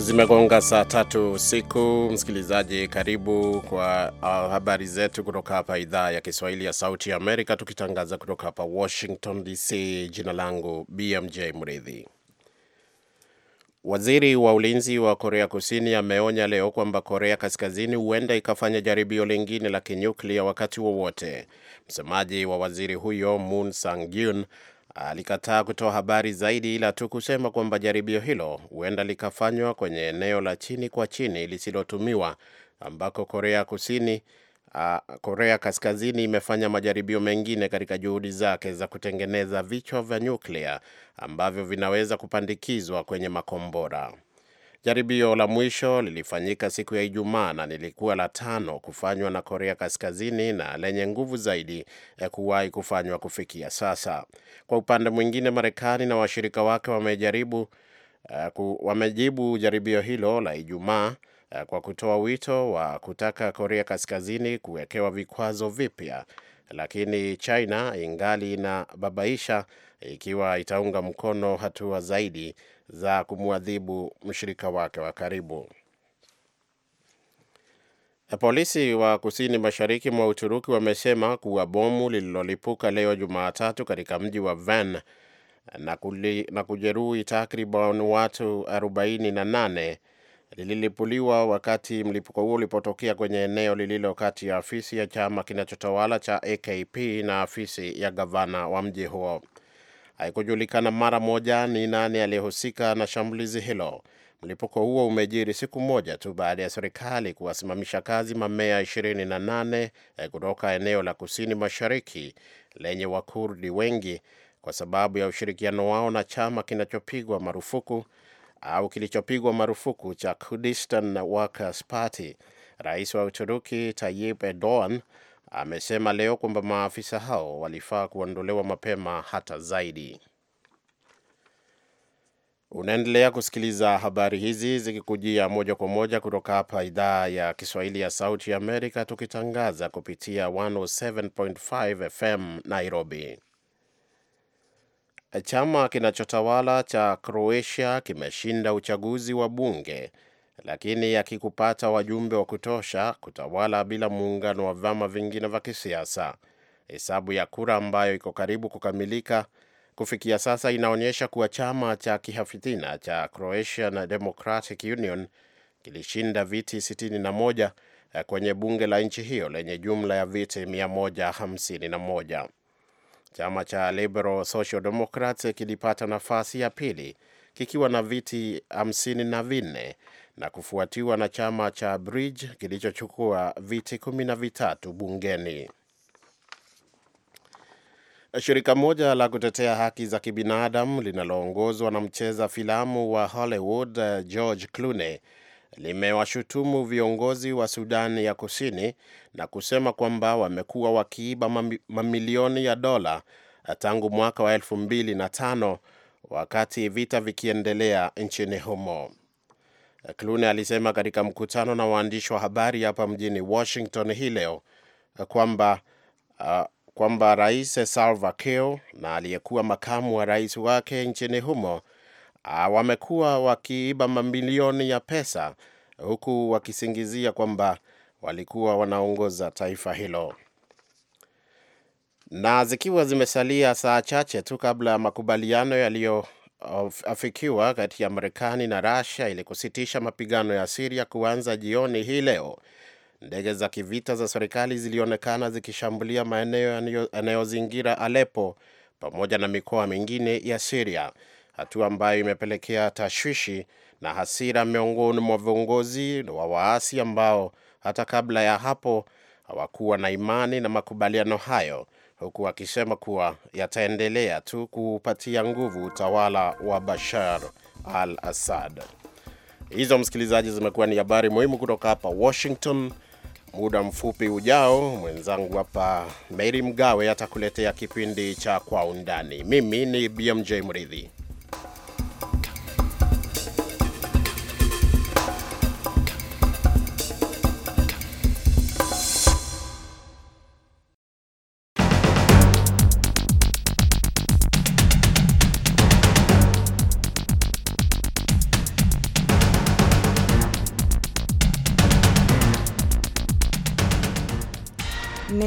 Zimegonga saa tatu usiku. Msikilizaji, karibu kwa uh, habari zetu kutoka hapa idhaa ya Kiswahili ya Sauti ya Amerika, tukitangaza kutoka hapa Washington DC. Jina langu BMJ Mridhi. Waziri wa ulinzi wa Korea Kusini ameonya leo kwamba Korea Kaskazini huenda ikafanya jaribio lingine la kinyuklia wakati wowote. Msemaji wa waziri huyo Moon sang Alikataa kutoa habari zaidi ila tu kusema kwamba jaribio hilo huenda likafanywa kwenye eneo la chini kwa chini lisilotumiwa ambako Korea Kusini a, Korea Kaskazini imefanya majaribio mengine katika juhudi zake za kutengeneza vichwa vya nyuklia ambavyo vinaweza kupandikizwa kwenye makombora. Jaribio la mwisho lilifanyika siku ya Ijumaa na lilikuwa la tano kufanywa na Korea Kaskazini na lenye nguvu zaidi ya eh, kuwahi kufanywa kufikia sasa. Kwa upande mwingine, Marekani na washirika wake wamejaribu eh, wamejibu jaribio hilo la Ijumaa eh, kwa kutoa wito wa kutaka Korea Kaskazini kuwekewa vikwazo vipya lakini China ingali inababaisha ikiwa itaunga mkono hatua zaidi za kumwadhibu mshirika wake wa karibu. Polisi wa kusini mashariki mwa Uturuki wamesema kuwa bomu lililolipuka leo Jumatatu katika mji wa Van na, na kujeruhi takriban watu 48 lililipuliwa wakati mlipuko huo ulipotokea kwenye eneo lililo kati ya afisi ya chama kinachotawala cha AKP na afisi ya gavana wa mji huo. Haikujulikana mara moja ni nani aliyehusika na shambulizi hilo. Mlipuko huo umejiri siku moja tu baada ya serikali kuwasimamisha kazi mamea 28 eh, kutoka eneo la kusini mashariki lenye Wakurdi wengi kwa sababu ya ushirikiano wao na chama kinachopigwa marufuku au kilichopigwa marufuku cha Kurdistan Workers Party. Rais wa Uturuki Tayyip Erdogan amesema leo kwamba maafisa hao walifaa kuondolewa mapema hata zaidi. Unaendelea kusikiliza habari hizi zikikujia moja kwa moja kutoka hapa idhaa ya Kiswahili ya Sauti ya Amerika, tukitangaza kupitia 107.5 FM Nairobi. Chama kinachotawala cha Croatia kimeshinda uchaguzi wa bunge lakini akikupata wajumbe wa kutosha kutawala bila muungano wa vyama vingine vya kisiasa. Hesabu ya kura ambayo iko karibu kukamilika kufikia sasa inaonyesha kuwa chama cha kihafidhina cha Croatia na Democratic Union kilishinda viti 61 eh, kwenye bunge la nchi hiyo lenye jumla ya viti 151. Chama cha Liberal Social Democrats kilipata nafasi ya pili kikiwa na viti hamsini na vinne na kufuatiwa na chama cha Bridge kilichochukua viti kumi na vitatu bungeni. Shirika moja la kutetea haki za kibinadamu linaloongozwa na mcheza filamu wa Hollywood George Clooney limewashutumu viongozi wa Sudan ya Kusini na kusema kwamba wamekuwa wakiiba mamilioni ya dola eh, tangu mwaka wa 25 wakati vita vikiendelea nchini humo. Eh, clune alisema katika mkutano na waandishi wa habari hapa mjini Washington hii leo eh, kwamba uh, kwamba Rais Salva Kiir na aliyekuwa makamu wa rais wake nchini humo Ah, wamekuwa wakiiba mamilioni ya pesa huku wakisingizia kwamba walikuwa wanaongoza taifa hilo. Na zikiwa zimesalia saa chache tu kabla ya makubaliano yaliyoafikiwa kati ya Marekani na rasia ili kusitisha mapigano ya siria kuanza jioni hii leo, ndege za kivita za serikali zilionekana zikishambulia maeneo yanayozingira alepo pamoja na mikoa mingine ya siria hatua ambayo imepelekea tashwishi na hasira miongoni mwa viongozi wa waasi ambao hata kabla ya hapo hawakuwa na imani na makubaliano hayo, huku akisema kuwa yataendelea tu kupatia nguvu utawala wa Bashar al-Assad. Hizo msikilizaji, zimekuwa ni habari muhimu kutoka hapa Washington. Muda mfupi ujao, mwenzangu hapa Mary Mgawe atakuletea kipindi cha Kwa Undani. Mimi ni BMJ Mridhi.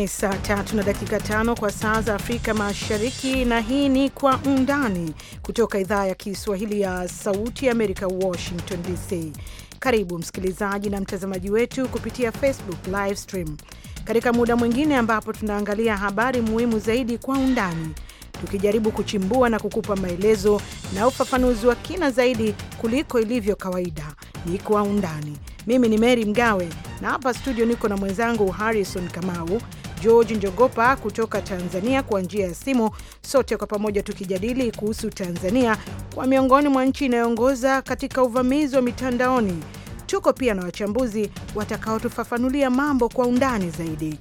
saa tatu na dakika tano kwa saa za Afrika Mashariki, na hii ni Kwa Undani kutoka idhaa ya Kiswahili ya Sauti ya Amerika, Washington DC. Karibu msikilizaji na mtazamaji wetu kupitia Facebook live stream katika muda mwingine ambapo tunaangalia habari muhimu zaidi kwa undani, tukijaribu kuchimbua na kukupa maelezo na ufafanuzi wa kina zaidi kuliko ilivyo kawaida. Ni Kwa Undani. Mimi ni Meri Mgawe na hapa studio niko na mwenzangu Harrison Kamau George Njogopa kutoka Tanzania kwa njia ya simu, sote kwa pamoja tukijadili kuhusu Tanzania kwa miongoni mwa nchi inayoongoza katika uvamizi wa mitandaoni. Tuko pia na wachambuzi watakaotufafanulia mambo kwa undani zaidi.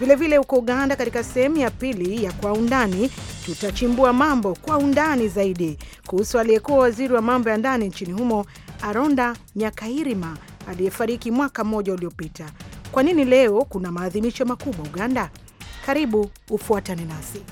Vilevile huko Uganda, katika sehemu ya pili ya kwa undani, tutachimbua mambo kwa undani zaidi kuhusu aliyekuwa waziri wa mambo ya ndani nchini humo Aronda Nyakairima aliyefariki mwaka mmoja uliopita. Kwa nini leo kuna maadhimisho makubwa Uganda? Karibu ufuatane nasi.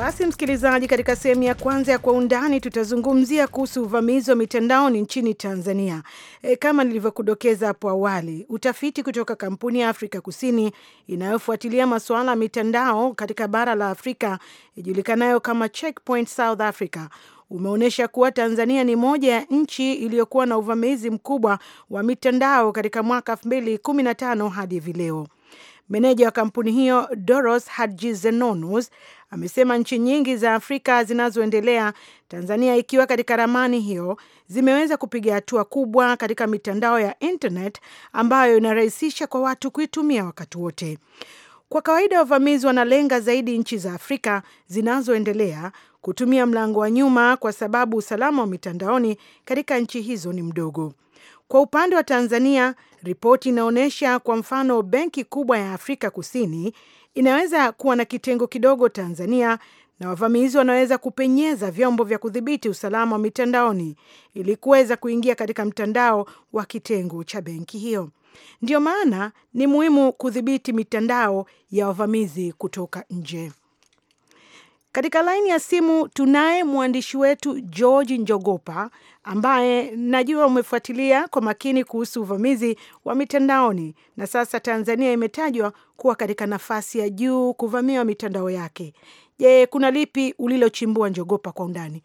Basi msikilizaji, katika sehemu ya kwanza ya Kwa Undani tutazungumzia kuhusu uvamizi wa mitandaoni nchini Tanzania. E, kama nilivyokudokeza hapo awali, utafiti kutoka kampuni ya Afrika Kusini inayofuatilia masuala ya mitandao katika bara la Afrika ijulikanayo kama Checkpoint South Africa umeonyesha kuwa Tanzania ni moja ya nchi iliyokuwa na uvamizi mkubwa wa mitandao katika mwaka 2015 hadi hivi leo. Meneja wa kampuni hiyo Doros Zenonus amesema nchi nyingi za Afrika zinazoendelea, Tanzania ikiwa katika ramani hiyo, zimeweza kupiga hatua kubwa katika mitandao ya internet ambayo inarahisisha kwa watu kuitumia wakati wote. Kwa kawaida wavamizi wanalenga zaidi nchi za Afrika zinazoendelea kutumia mlango wa nyuma, kwa sababu usalama wa mitandaoni katika nchi hizo ni mdogo. Kwa upande wa Tanzania, Ripoti inaonyesha kwa mfano, benki kubwa ya Afrika Kusini inaweza kuwa na kitengo kidogo Tanzania, na wavamizi wanaweza kupenyeza vyombo vya kudhibiti usalama wa mitandaoni ili kuweza kuingia katika mtandao wa kitengo cha benki hiyo. Ndiyo maana ni muhimu kudhibiti mitandao ya wavamizi kutoka nje. Katika laini ya simu tunaye mwandishi wetu George Njogopa ambaye najua umefuatilia kwa makini kuhusu uvamizi wa mitandaoni, na sasa Tanzania imetajwa kuwa katika nafasi ya juu kuvamiwa mitandao yake. Je, kuna lipi ulilochimbua Njogopa kwa undani?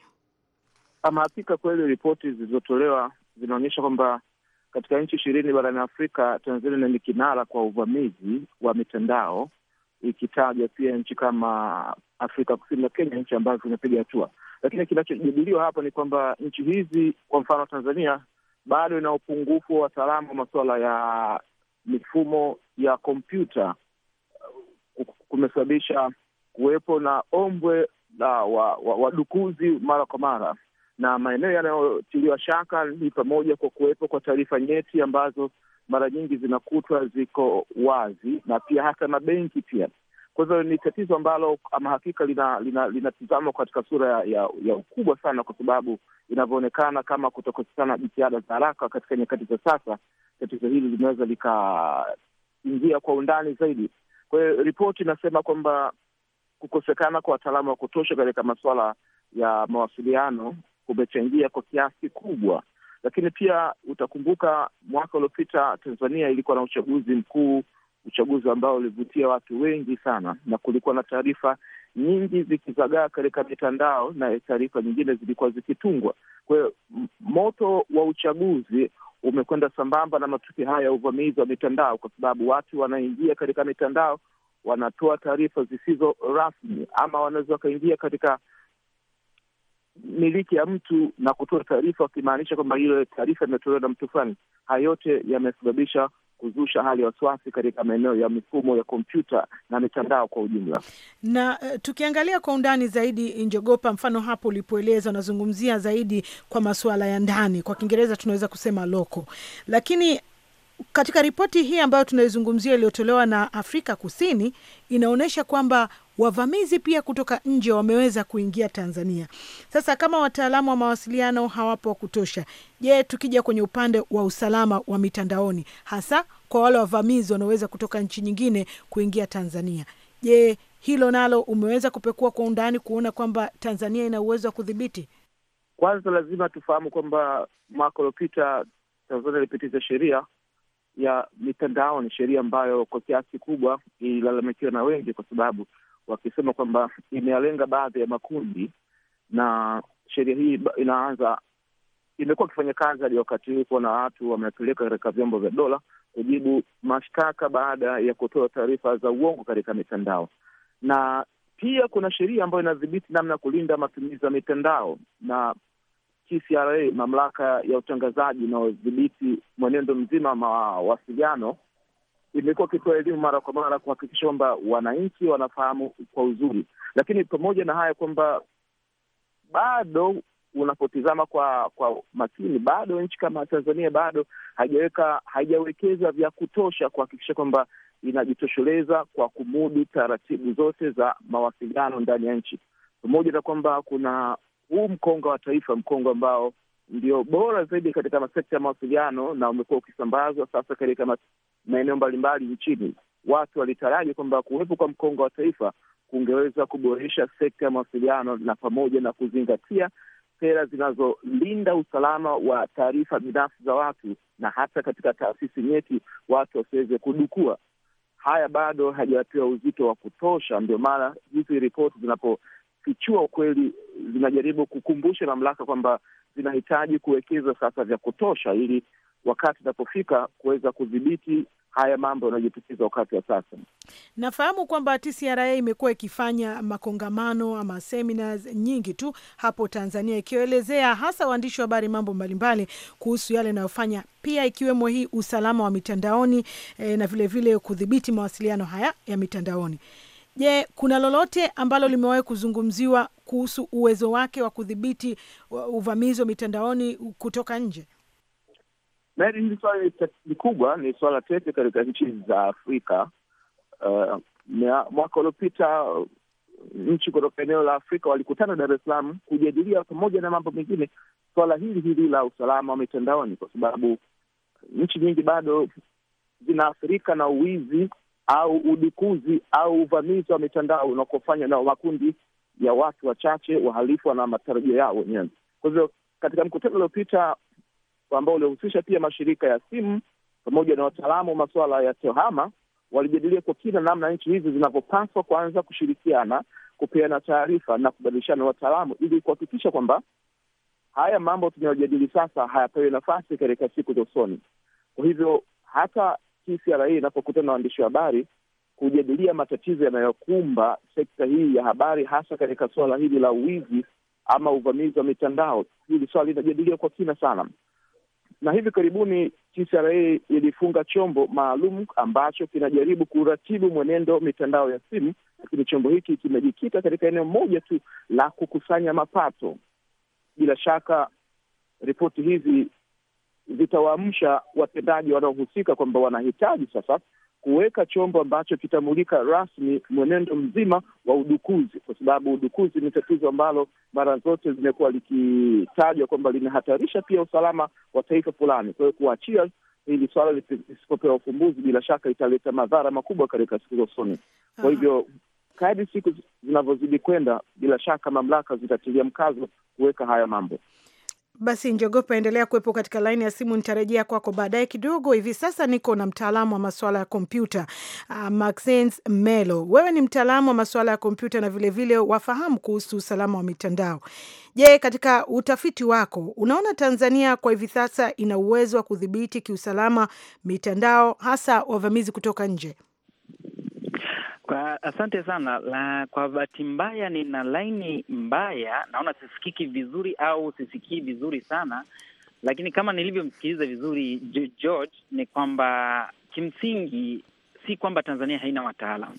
Ama hakika kweli ripoti zilizotolewa zinaonyesha kwamba katika nchi ishirini barani Afrika, Tanzania ni kinara kwa uvamizi wa mitandao ikitajwa pia nchi kama Afrika Kusini na Kenya, nchi ambazo zimepiga hatua. Lakini kinachojadiliwa hapa ni kwamba nchi hizi, kwa mfano Tanzania, bado ina upungufu wa wataalamu wa masuala ya mifumo ya kompyuta. Kumesababisha kuwepo na ombwe la wadukuzi wa, wa mara kwa mara, na maeneo yanayotiliwa shaka ni pamoja kwa kuwepo kwa taarifa nyeti ambazo mara nyingi zinakutwa ziko wazi na pia hata na benki pia. Kwa hivyo ni tatizo ambalo ama hakika linatizamwa lina, lina katika sura ya, ya ukubwa sana, kwa sababu inavyoonekana kama kutokosekana jitihada za haraka katika nyakati za sasa, tatizo hili linaweza likaingia kwa undani zaidi. Kwa hiyo ripoti inasema kwamba kukosekana kwa wataalamu wa kutosha katika masuala ya mawasiliano kumechangia kwa kiasi kubwa lakini pia utakumbuka mwaka uliopita Tanzania ilikuwa na uchaguzi mkuu, uchaguzi ambao ulivutia watu wengi sana, na kulikuwa na taarifa nyingi zikizagaa katika mitandao na taarifa nyingine zilikuwa zikitungwa. Kwa hiyo moto wa uchaguzi umekwenda sambamba na matukio haya ya uvamizi wa mitandao, kwa sababu watu wanaingia katika mitandao wanatoa taarifa zisizo rasmi, ama wanaweza wakaingia katika miliki ya mtu na kutoa taarifa wakimaanisha kwamba ile taarifa imetolewa na mtu fulani. Haya yote yamesababisha kuzusha hali ya wasiwasi katika maeneo ya mifumo ya kompyuta na mitandao kwa ujumla. Na uh, tukiangalia kwa undani zaidi, Njogopa, mfano hapo ulipoeleza, unazungumzia zaidi kwa masuala ya ndani, kwa Kiingereza tunaweza kusema loko, lakini katika ripoti hii ambayo tunaizungumzia iliyotolewa na Afrika Kusini inaonyesha kwamba wavamizi pia kutoka nje wameweza kuingia Tanzania. Sasa kama wataalamu wa mawasiliano hawapo wa kutosha, je, tukija kwenye upande wa usalama wa mitandaoni, hasa kwa wale wavamizi wanaoweza kutoka nchi nyingine kuingia Tanzania, je, hilo nalo umeweza kupekua kwa undani kuona kwamba Tanzania ina uwezo wa kudhibiti? Kwanza lazima tufahamu kwamba mwaka uliopita Tanzania ilipitisha sheria ya mitandao ni sheria ambayo kwa kiasi kikubwa ililalamikiwa na wengi, kwa sababu wakisema kwamba imealenga baadhi ya makundi, na sheria hii inaanza imekuwa ikifanya kazi hadi wakati huu, kuwa na watu wamepeleka katika vyombo vya dola kujibu mashtaka baada ya kutoa taarifa za uongo katika mitandao. Na pia kuna sheria ambayo inadhibiti namna ya kulinda matumizi ya mitandao, na TCRA, mamlaka ya utangazaji inayodhibiti mwenendo mzima wa mawasiliano, imekuwa ikitoa elimu mara kwa mara kuhakikisha kwamba wananchi wanafahamu kwa uzuri. Lakini pamoja na haya kwamba bado unapotizama kwa kwa makini, bado nchi kama Tanzania bado haijaweka haijawekeza vya kutosha kuhakikisha kwamba inajitosheleza kwa kumudu taratibu zote za mawasiliano ndani ya nchi, pamoja na kwamba kuna huu mkongo wa taifa, mkongo ambao ndio bora zaidi katika masekta ya mawasiliano na umekuwa ukisambazwa sasa katika maeneo mbalimbali nchini. Watu walitaraji kwamba kuwepo kwa mkongo wa taifa kungeweza kuboresha sekta ya mawasiliano na pamoja na kuzingatia sera zinazolinda usalama wa taarifa binafsi za watu na hata katika taasisi nyeti watu wasiweze kudukua. Haya bado hajapewa uzito wa kutosha, ndio maana hizi ripoti zinapo zinafichua ukweli, zinajaribu kukumbusha mamlaka kwamba zinahitaji kuwekeza sasa vya kutosha, ili wakati inapofika kuweza kudhibiti haya mambo yanayojitikiza wakati wa sasa. Nafahamu kwamba TCRA imekuwa ikifanya makongamano ama seminars nyingi tu hapo Tanzania, ikiwaelezea hasa waandishi wa habari mambo mbalimbali kuhusu yale yanayofanya, pia ikiwemo hii usalama wa mitandaoni e, na vilevile kudhibiti mawasiliano haya ya mitandaoni. Je, kuna lolote ambalo limewahi kuzungumziwa kuhusu uwezo wake wa kudhibiti uh, uvamizi wa mitandaoni kutoka nje? Hili swala ni kubwa, ni swala tete katika nchi za Afrika. Uh, mwaka uliopita uh, nchi kutoka eneo la Afrika walikutana Dar es Salaam kujadilia pamoja na mambo mengine swala hili hili la usalama wa mitandaoni, kwa sababu nchi nyingi bado zinaathirika na uwizi au udukuzi au uvamizi wa mitandao unakofanywa na makundi ya watu wachache wahalifu na matarajio yao wenyewe. Kwa hivyo katika mkutano uliopita ambao ulihusisha pia mashirika ya simu pamoja na wataalamu wa masuala ya tehama, walijadilia kwa kina namna nchi hizi zinavyopaswa kuanza kushirikiana, kupeana taarifa na kubadilishana wataalamu ili kuhakikisha kwamba haya mambo tunayojadili sasa hayapewi nafasi katika siku za usoni. Kwa hivyo hata TCRA inapokutana na waandishi wa habari kujadilia matatizo yanayokumba sekta hii ya habari, hasa katika suala hili la uwizi ama uvamizi wa mitandao. Hili swala linajadiliwa kwa kina sana, na hivi karibuni TCRA ilifunga chombo maalum ambacho kinajaribu kuratibu mwenendo mitandao ya simu, lakini chombo hiki kimejikita katika eneo moja tu la kukusanya mapato. Bila shaka ripoti hizi zitawaamsha watendaji wanaohusika kwamba wanahitaji sasa kuweka chombo ambacho kitamulika rasmi mwenendo mzima wa udukuzi, kwa sababu udukuzi ni tatizo ambalo mara zote limekuwa likitajwa kwamba linahatarisha pia usalama wa taifa fulani. Kwa hiyo kuachia hili swala lisipopewa ufumbuzi, bila shaka italeta madhara makubwa katika siku za usoni. Kwa hivyo kadri siku zinavyozidi kwenda, bila shaka mamlaka zitatilia mkazo kuweka haya mambo. Basi njogopa, endelea kuwepo katika laini ya simu, nitarejea kwako baadaye kidogo. Hivi sasa niko na mtaalamu wa masuala ya kompyuta uh, Maxens Melo. Wewe ni mtaalamu wa masuala ya kompyuta na vilevile vile wafahamu kuhusu usalama wa mitandao. Je, katika utafiti wako unaona Tanzania kwa hivi sasa ina uwezo wa kudhibiti kiusalama mitandao, hasa wavamizi kutoka nje? Kwa asante sana la, kwa bahati mbaya nina laini mbaya, naona sisikiki vizuri au sisikii vizuri sana, lakini kama nilivyomsikiliza vizuri George ni kwamba kimsingi si kwamba Tanzania haina wataalam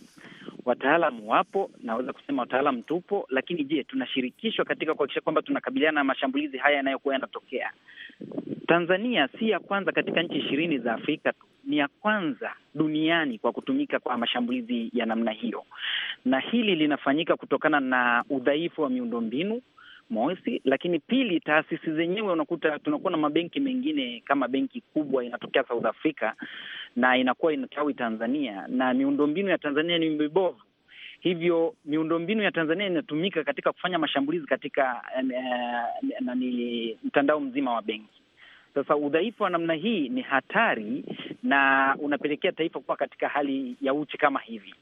wataalamu wapo, naweza kusema wataalam tupo, lakini je, tunashirikishwa katika kuhakikisha kwamba tunakabiliana na mashambulizi haya yanayokuwa yanatokea? Tanzania si ya kwanza katika nchi ishirini za Afrika tu, ni ya kwanza duniani kwa kutumika kwa mashambulizi ya namna hiyo, na hili linafanyika kutokana na udhaifu wa miundombinu mosi, lakini pili, taasisi zenyewe unakuta tunakuwa na mabenki mengine kama benki kubwa inatokea South Africa na inakuwa inatawi Tanzania, na miundombinu ya Tanzania ni mibovu hivyo miundombinu ya Tanzania inatumika katika kufanya mashambulizi katika nani, mtandao mzima wa benki. Sasa udhaifu wa namna hii ni hatari na unapelekea taifa kuwa katika hali ya uchi kama hivi.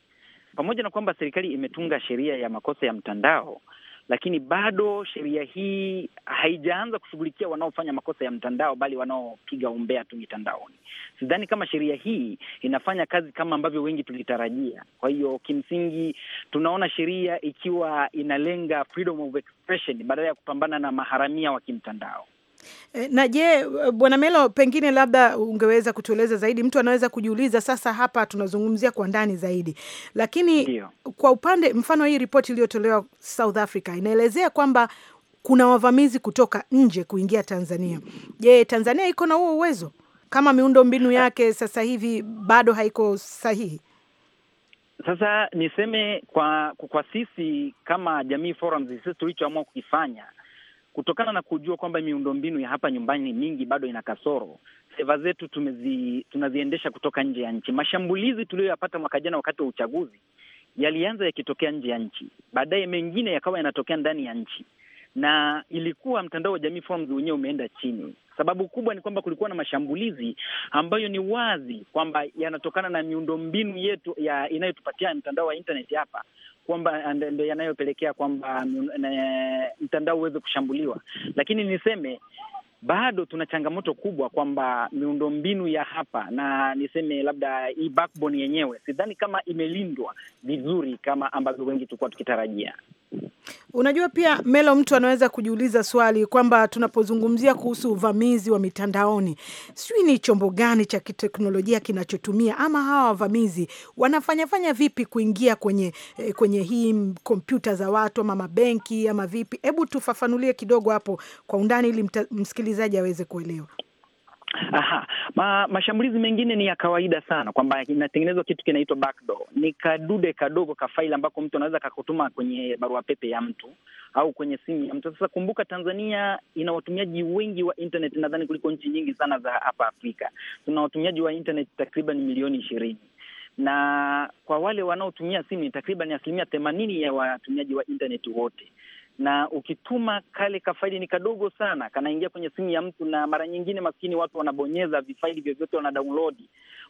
Pamoja na kwamba serikali imetunga sheria ya makosa ya mtandao, lakini bado sheria hii haijaanza kushughulikia wanaofanya makosa ya mtandao, bali wanaopiga umbea tu mitandaoni. Sidhani kama sheria hii inafanya kazi kama ambavyo wengi tulitarajia. Kwa hiyo kimsingi, tunaona sheria ikiwa inalenga freedom of expression badala ya kupambana na maharamia wa kimtandao. Eh, na je, eh, Bwana Melo, pengine labda ungeweza kutueleza zaidi. Mtu anaweza kujiuliza sasa, hapa tunazungumzia kwa ndani zaidi, lakini Dio. kwa upande mfano, hii ripoti iliyotolewa South Africa inaelezea kwamba kuna wavamizi kutoka nje kuingia Tanzania. Je, Tanzania iko na huo uwezo kama miundo mbinu yake sasa hivi bado haiko sahihi? Sasa niseme kwa kwa sisi kama Jamii Forums, sisi tulichoamua kukifanya kutokana na kujua kwamba miundombinu ya hapa nyumbani mingi bado ina kasoro. Seva zetu tumezi, tunaziendesha kutoka nje ya nchi. Mashambulizi tuliyoyapata mwaka jana wakati wa uchaguzi yalianza yakitokea nje ya nchi, baadaye mengine yakawa yanatokea ndani ya nchi, na ilikuwa mtandao wa Jamii Forums wenyewe umeenda chini. Sababu kubwa ni kwamba kulikuwa na mashambulizi ambayo ni wazi kwamba yanatokana na miundombinu yetu ya inayotupatia mtandao wa internet hapa kwamba ndo yanayopelekea kwamba mm, mtandao uweze kushambuliwa, lakini niseme bado tuna changamoto kubwa kwamba miundombinu ya hapa na niseme labda hii backbone yenyewe sidhani kama imelindwa vizuri kama ambavyo wengi tulikuwa tukitarajia. Unajua, pia Melo, mtu anaweza kujiuliza swali kwamba tunapozungumzia kuhusu uvamizi wa mitandaoni, sijui ni chombo gani cha kiteknolojia kinachotumia ama hawa wavamizi wanafanyafanya vipi kuingia kwenye, eh, kwenye hii kompyuta za watu ama mabenki ama vipi? Hebu tufafanulie kidogo hapo kwa undani ili msikilizaji aweze kuelewa. Aha. Ma, mashambulizi mengine ni ya kawaida sana kwamba inatengenezwa kitu kinaitwa backdoor. Ni kadude kadogo ka faili ambako mtu anaweza kakutuma kwenye barua pepe ya mtu au kwenye simu ya mtu. Sasa kumbuka, Tanzania ina watumiaji wengi wa internet nadhani kuliko nchi nyingi sana za hapa Afrika. Tuna watumiaji wa internet takriban milioni ishirini na kwa wale wanaotumia simu ni takriban asilimia themanini ya watumiaji wa internet wote na ukituma kale kafaili ni kadogo sana, kanaingia kwenye simu ya mtu, na mara nyingine maskini watu wanabonyeza vifaili vyovyote, wana download.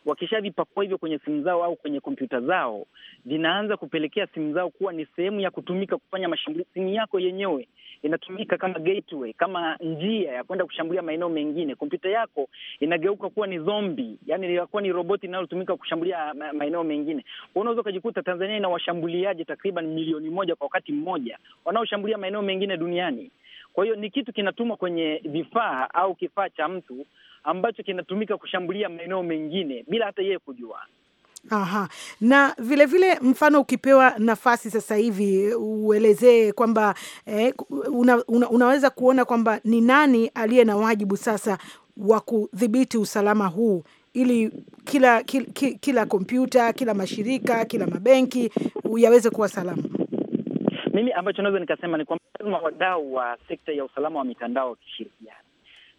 Wakishavipakua hivyo kwenye simu zao au kwenye kompyuta zao, vinaanza kupelekea simu zao kuwa ni sehemu ya kutumika kufanya mashambulizi. Simu yako yenyewe inatumika kama gateway, kama njia ya kwenda kushambulia maeneo mengine. Kompyuta yako inageuka kuwa ni zombi, yani inakuwa ni roboti inayotumika kushambulia maeneo mengine. Unaweza ukajikuta Tanzania ina washambuliaji takriban milioni moja kwa wakati mmoja wanaoshambulia maeneo mengine duniani. Kwa hiyo ni kitu kinatumwa kwenye vifaa au kifaa cha mtu ambacho kinatumika kushambulia maeneo mengine bila hata yeye kujua. Aha. Na vilevile vile mfano ukipewa nafasi sasa hivi uelezee kwamba eh, una, una, unaweza kuona kwamba ni nani aliye na wajibu sasa wa kudhibiti usalama huu ili kila kila, kila kompyuta kila mashirika kila mabenki yaweze kuwa salama. Mimi ambacho naweza nikasema ni kwamba lazima wadau wa sekta ya usalama wa mitandao wakishirikiana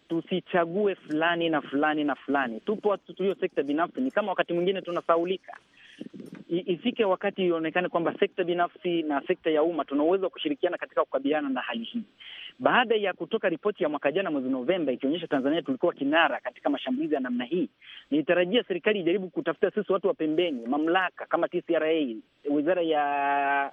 tusichague fulani na fulani na fulani. Tupo watu tulio sekta binafsi, ni kama wakati mwingine tunasaulika. Ifike wakati ionekane kwamba sekta binafsi na sekta ya umma tuna uwezo wa kushirikiana katika kukabiliana na hali hii baada ya kutoka ripoti ya mwaka jana mwezi Novemba ikionyesha Tanzania tulikuwa kinara katika mashambulizi ya namna hii, nilitarajia serikali ijaribu kutafuta sisi watu wa pembeni, mamlaka kama TCRA, wizara ya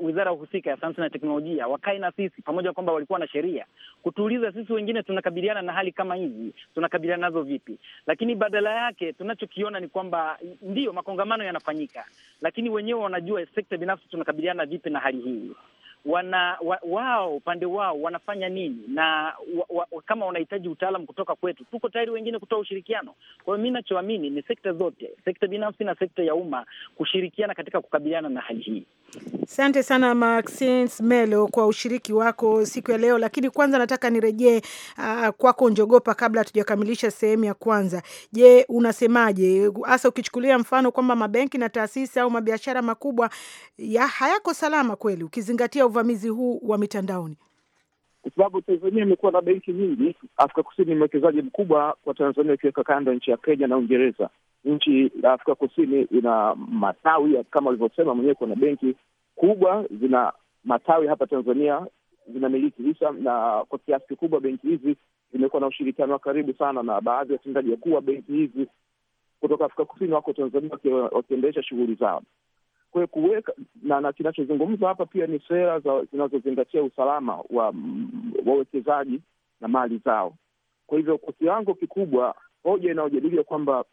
wizara husika ya sayansi na teknolojia wakae na sisi pamoja, kwamba walikuwa na sheria kutuuliza sisi wengine tunakabiliana na hali kama hizi, tunakabiliana nazo vipi? Lakini badala yake tunachokiona ni kwamba ndiyo makongamano yanafanyika, lakini wenyewe wanajua sekta binafsi tunakabiliana vipi na hali hii wana wa, wao upande wao wanafanya nini na wa, wa, kama wanahitaji utaalam kutoka kwetu, tuko tayari wengine kutoa ushirikiano. Kwa hiyo mi nachoamini ni sekta zote, sekta binafsi na sekta ya umma kushirikiana katika kukabiliana na hali hii. Asante sana Maxine Melo kwa ushiriki wako siku ya leo, lakini kwanza nataka nirejee uh, kwako Njogopa kabla hatujakamilisha sehemu ya kwanza. Je, unasemaje hasa ukichukulia mfano kwamba mabenki na taasisi au mabiashara makubwa ya hayako salama kweli ukizingatia uvamizi huu wa mitandaoni? Kwa sababu Tanzania imekuwa na benki nyingi. Afrika Kusini ni mwekezaji mkubwa kwa Tanzania, ikiweka kando nchi ya Kenya na Uingereza. Nchi ya Afrika Kusini ina matawi kama ulivyosema mwenyewe, kuna benki kubwa zina matawi hapa Tanzania, zinamiliki hisa, na kwa kiasi kikubwa benki hizi zimekuwa na ushirikiano wa karibu sana, na baadhi ya watendaji wakuu wa benki hizi kutoka Afrika Kusini wako Tanzania wakiendesha shughuli zao. Kwa kuweka na, na kinachozungumzwa hapa pia ni sera zinazozingatia usalama wa wawekezaji na mali zao. Kwa hivyo kwa kiwango kikubwa hoja inayojadiliwa kwamba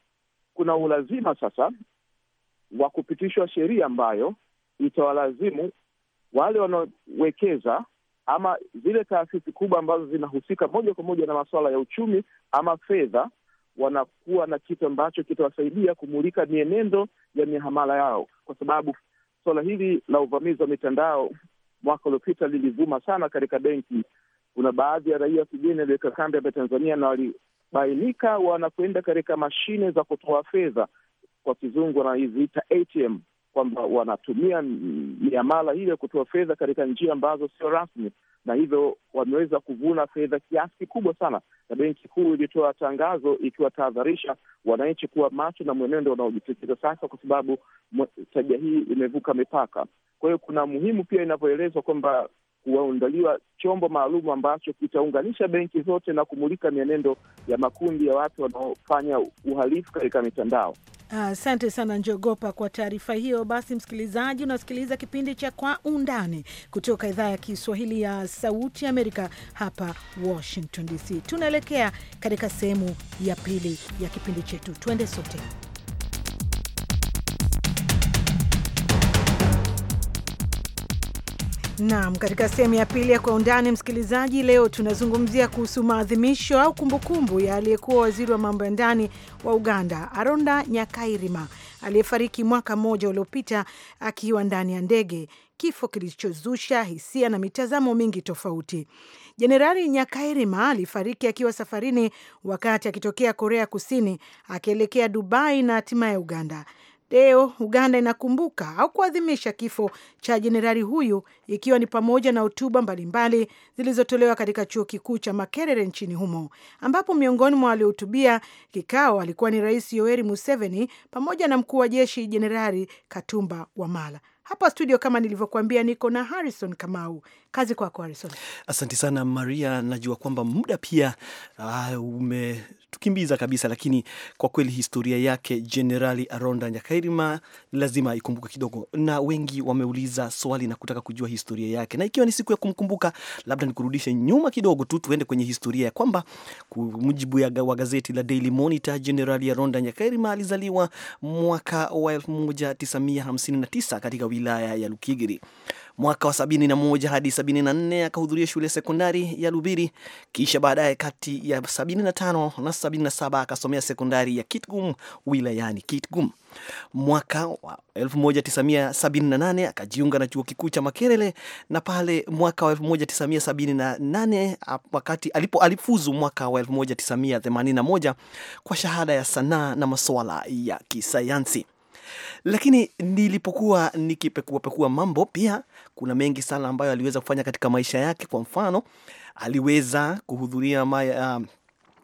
kuna ulazima sasa wa kupitishwa sheria ambayo itawalazimu wale wanaowekeza ama zile taasisi kubwa ambazo zinahusika moja kwa moja na masuala ya uchumi ama fedha wanakuwa na kitu ambacho kitawasaidia kumulika mienendo ya mihamala yao, kwa sababu suala hili la uvamizi wa mitandao mwaka uliopita lilivuma sana katika benki. Kuna baadhi ya raia kigeni aliweka kambi hapa Tanzania na walibainika wanakwenda katika mashine za kutoa fedha, kwa kizungu wanaziita ATM, kwamba wanatumia miamala hiyo ya kutoa fedha katika njia ambazo sio rasmi, na hivyo wameweza kuvuna fedha kiasi kikubwa sana, na benki kuu ilitoa tangazo ikiwatahadharisha wananchi kuwa macho na mwenendo unaojitokeza sasa, kwa sababu tabia hii imevuka mipaka. Kwa hiyo kuna muhimu pia inavyoelezwa kwamba kuandaliwa chombo maalum ambacho kitaunganisha benki zote na kumulika mienendo ya makundi ya watu wanaofanya uhalifu katika mitandao. Asante sana Njogopa, kwa taarifa hiyo. Basi msikilizaji, unasikiliza kipindi cha Kwa Undani kutoka idhaa ya Kiswahili ya Sauti Amerika hapa Washington DC. Tunaelekea katika sehemu ya pili ya kipindi chetu, tuende sote. Naam, katika sehemu ya pili ya Kwa Undani, msikilizaji, leo tunazungumzia kuhusu maadhimisho au kumbukumbu ya aliyekuwa waziri wa mambo ya ndani wa Uganda, Aronda Nyakairima, aliyefariki mwaka mmoja uliopita akiwa ndani ya ndege, kifo kilichozusha hisia na mitazamo mingi tofauti. Jenerali Nyakairima alifariki akiwa safarini wakati akitokea Korea Kusini akielekea Dubai na hatimaye Uganda. Leo Uganda inakumbuka au kuadhimisha kifo cha jenerali huyu ikiwa ni pamoja na hotuba mbalimbali zilizotolewa katika chuo kikuu cha Makerere nchini humo, ambapo miongoni mwa waliohutubia kikao alikuwa ni Rais Yoweri Museveni pamoja na mkuu wa jeshi Jenerali Katumba Wamala. Hapa studio kama nilivyokuambia, niko na Harrison Kamau. Kazi kwako Harrison. Asante sana Maria, najua kwamba muda pia uh, umetukimbiza kabisa, lakini kwa kweli historia yake Jenerali Aronda Nyakairima lazima ikumbuke kidogo, na wengi wameuliza swali na kutaka kujua historia yake, na ikiwa ni siku ya kumkumbuka, labda nikurudishe nyuma kidogo tu, tuende kwenye historia ya kwamba mujibu wa gazeti la Daily Monitor, Jenerali Aronda Nyakairima alizaliwa mwaka wa 1959 katika wilaya ya Lukigiri. Mwaka wa 71 hadi 74 akahudhuria shule sekondari ya Lubiri, kisha baadaye kati ya 75 na 77 akasomea sekondari ya Kitgum wilayani Kitgum. Mwaka wa 1978 akajiunga na chuo kikuu cha makerele na pale mwaka wa 1978 wakati alipo alifuzu mwaka wa 1981 kwa shahada ya sanaa na masuala ya kisayansi. Lakini nilipokuwa nikipekuapekua mambo, pia kuna mengi sana ambayo aliweza kufanya katika maisha yake. Kwa mfano, aliweza kuhudhuria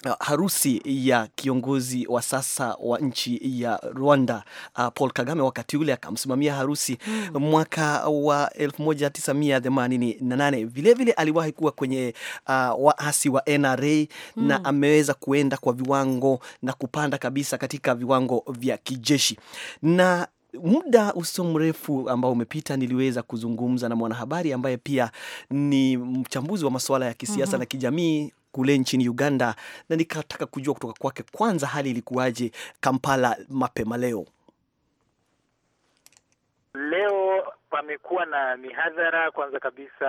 Uh, harusi ya kiongozi wa sasa wa nchi ya Rwanda uh, Paul Kagame, wakati ule akamsimamia harusi mm. mwaka wa 1988. Vilevile aliwahi kuwa kwenye uh, waasi wa NRA mm. na ameweza kuenda kwa viwango na kupanda kabisa katika viwango vya kijeshi na muda usio mrefu ambao umepita niliweza kuzungumza na mwanahabari ambaye pia ni mchambuzi wa masuala ya kisiasa mm -hmm. na kijamii kule nchini Uganda, na nikataka kujua kutoka kwake kwanza hali ilikuwaje Kampala mapema leo. Leo pamekuwa na mihadhara kwanza kabisa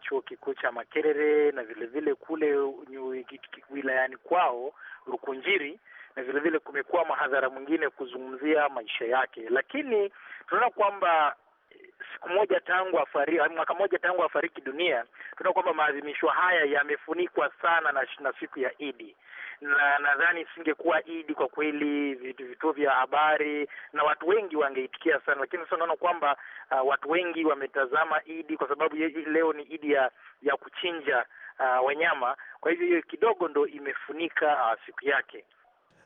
chuo kikuu cha Makerere na vilevile vile kule wilayani kwao Rukunjiri, na vilevile kumekuwa mahadhara mwingine kuzungumzia maisha yake, lakini tunaona kwamba siku moja tangu afariki, mwaka mmoja tangu afariki dunia, tunaona kwamba maadhimisho haya yamefunikwa sana na, na siku ya Idi na nadhani isingekuwa Idi kwa kweli, vitu vituo vya habari na watu wengi wangeitikia sana, lakini sasa unaona kwamba uh, watu wengi wametazama Idi kwa sababu ye, leo ni Idi ya, ya kuchinja uh, wanyama. Kwa hivyo hiyo kidogo ndo imefunika uh, siku yake.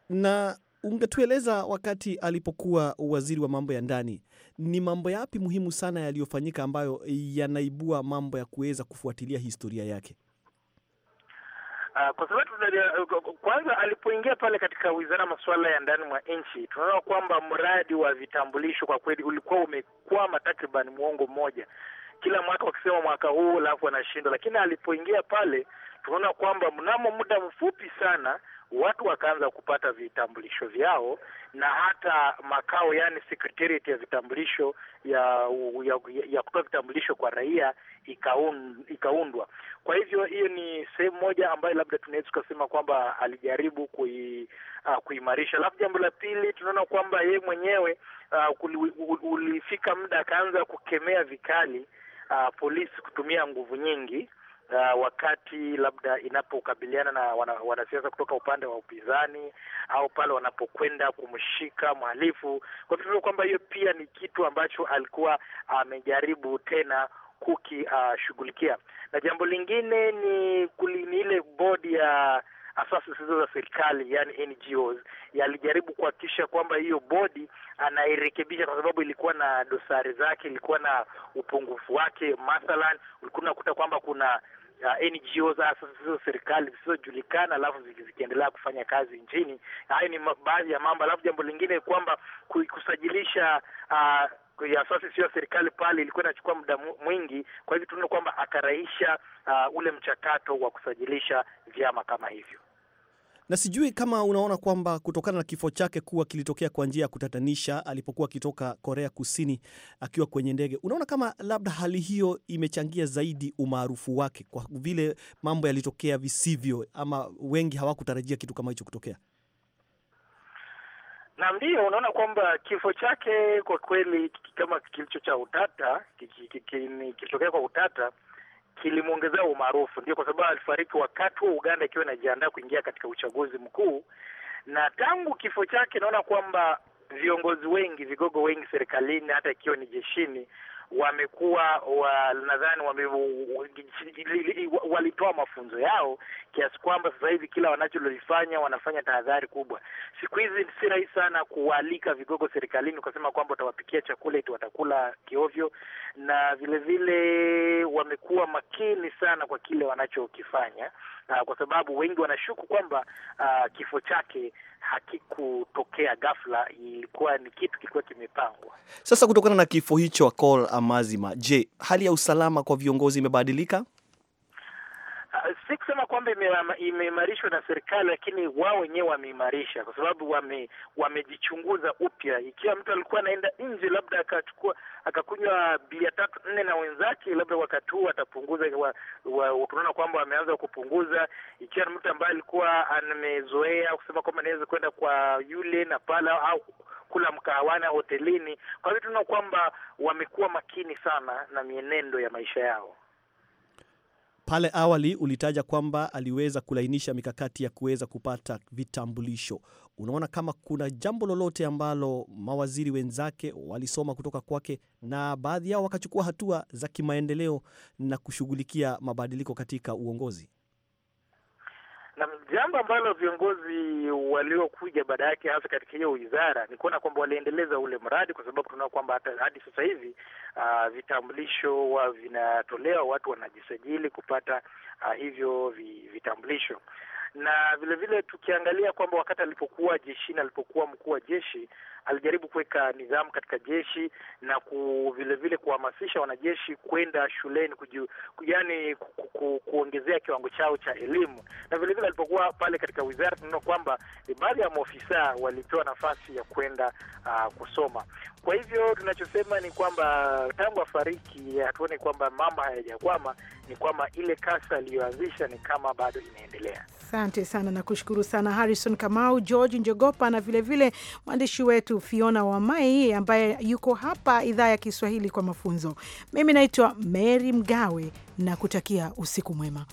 Na ungetueleza wakati alipokuwa waziri wa mambo ya ndani ni mambo yapi muhimu sana yaliyofanyika ambayo yanaibua mambo ya kuweza kufuatilia historia yake? Uh, kwa sababu kwanza alipoingia pale katika wizara masuala ya ndani mwa nchi, tunaona kwamba mradi wa vitambulisho kwa kweli ulikuwa umekwama takriban mwongo mmoja, kila mwaka wakisema mwaka huu, alafu wanashindwa. Lakini alipoingia pale, tunaona kwamba mnamo muda mfupi sana watu wakaanza kupata vitambulisho vyao na hata makao, yani secretariat ya vitambulisho ya ya, ya kutoa vitambulisho kwa raia ikaun, ikaundwa. Kwa hivyo hiyo ni sehemu moja ambayo labda tunaweza tukasema kwamba alijaribu kui, uh, kuimarisha. Alafu jambo la pili tunaona kwamba yeye mwenyewe uh, ulifika muda akaanza kukemea vikali uh, polisi kutumia nguvu nyingi uh, wakati labda inapokabiliana na wana, wanasiasa kutoka upande wa upinzani au pale wanapokwenda kumshika mhalifu. Kwa hivyo kwamba hiyo pia ni kitu ambacho alikuwa amejaribu uh, tena kukishughulikia uh, na jambo lingine ni, ni ile bodi ya asasi zisizo za serikali yani NGOs yalijaribu kuhakikisha kwamba hiyo bodi anairekebisha, kwa sababu ilikuwa na dosari zake, ilikuwa na upungufu wake. Mathalan, ulikuwa unakuta kwamba kuna uh, NGO za zisizo serikali zisizojulikana, alafu zikiendelea kufanya kazi nchini. Hayo ni baadhi ya mambo, alafu jambo lingine kwamba kusajilisha uh, asasi sio serikali pale ilikuwa inachukua muda mwingi. Kwa hivyo tunaona kwamba akarahisha uh, ule mchakato wa kusajilisha vyama kama hivyo na sijui kama unaona kwamba kutokana na kifo chake kuwa kilitokea kwa njia ya kutatanisha alipokuwa akitoka Korea Kusini akiwa kwenye ndege, unaona kama labda hali hiyo imechangia zaidi umaarufu wake, kwa vile mambo yalitokea visivyo, ama wengi hawakutarajia kitu kama hicho kutokea? Na ndio unaona kwamba kifo chake kwa kweli kama kilicho cha utata kilitokea kwa utata kilimwongezea umaarufu. Ndio kwa sababu alifariki wakati wa Uganda ikiwa inajiandaa kuingia katika uchaguzi mkuu, na tangu kifo chake naona kwamba viongozi wengi, vigogo wengi serikalini, hata ikiwa ni jeshini, wamekuwa nadhani walitoa mafunzo yao kiasi kwamba sasa hivi kila wanacholifanya wanafanya tahadhari kubwa. Siku hizi si rahisi sana kuwaalika vigogo serikalini ukasema kwamba utawapikia chakula eti watakula kiovyo, na vilevile wamekuwa makini sana kwa kile wanachokifanya uh, kwa sababu wengi wanashuku kwamba uh, kifo chake hakikutokea ghafla, ilikuwa ni kitu kilikuwa kimepangwa. Sasa kutokana na kifo hicho Akol Amazima, je, hali ya usalama kwa viongozi imebadilika? Ah, si kusema kwamba imeimarishwa na serikali, lakini wao wenyewe wameimarisha, kwa sababu wame, wamejichunguza upya. Ikiwa mtu alikuwa anaenda nje labda akachukua akakunywa bia tatu nne na wenzake, labda wakati huu watapunguza, tunaona kwamba wameanza kupunguza. Ikiwa ni mtu ambaye alikuwa amezoea kusema kwamba anaweza kwenda kwa yule na pala au kula mkahawana hotelini. Kwa hivyo tunaona kwamba wamekuwa makini sana na mienendo ya maisha yao. Pale awali ulitaja kwamba aliweza kulainisha mikakati ya kuweza kupata vitambulisho. Unaona kama kuna jambo lolote ambalo mawaziri wenzake walisoma kutoka kwake na baadhi yao wakachukua hatua za kimaendeleo na kushughulikia mabadiliko katika uongozi? na jambo ambalo viongozi waliokuja baada yake hasa katika hiyo wizara ni kuona kwamba waliendeleza ule mradi, kwa sababu tunaona kwamba hata hadi sasa hivi uh, vitambulisho wa vinatolewa, watu wanajisajili kupata uh, hivyo vitambulisho na vilevile tukiangalia kwamba wakati alipokuwa jeshini, alipokuwa mkuu wa jeshi alijaribu kuweka nidhamu katika jeshi na ku, vile vile kuhamasisha wanajeshi kwenda shuleni kuju, yani ku, ku, ku, kuongezea kiwango chao cha elimu, na vile vile alipokuwa pale katika wizara tunaona kwamba ni eh, baadhi ya maofisa walipewa nafasi ya kwenda uh, kusoma. Kwa hivyo tunachosema ni kwamba tangu afariki, hatuoni kwamba mambo hayajakwama, ni kwamba ile kasa aliyoanzisha ni kama bado inaendelea. Asante sana, nakushukuru sana Harrison Kamau, George Njogopa na vilevile mwandishi wetu wetu Fiona Wamai ambaye yuko hapa idhaa ya Kiswahili kwa mafunzo. Mimi naitwa Mary Mgawe na kutakia usiku mwema.